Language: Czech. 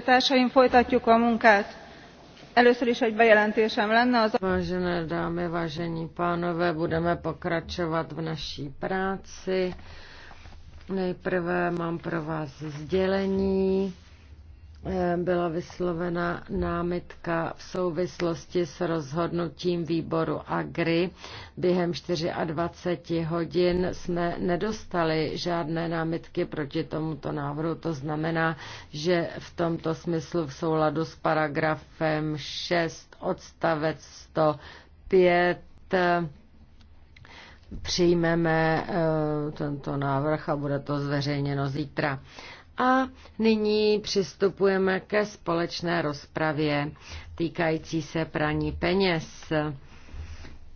vážené dámy vážení pánové budeme pokračovat v naší práci. nejprve mám pro vás sdělení byla vyslovena námitka v souvislosti s rozhodnutím výboru AGRI. Během 24 hodin jsme nedostali žádné námitky proti tomuto návrhu. To znamená, že v tomto smyslu v souladu s paragrafem 6 odstavec 105 přijmeme eh, tento návrh a bude to zveřejněno zítra. A nyní přistupujeme ke společné rozpravě týkající se praní peněz.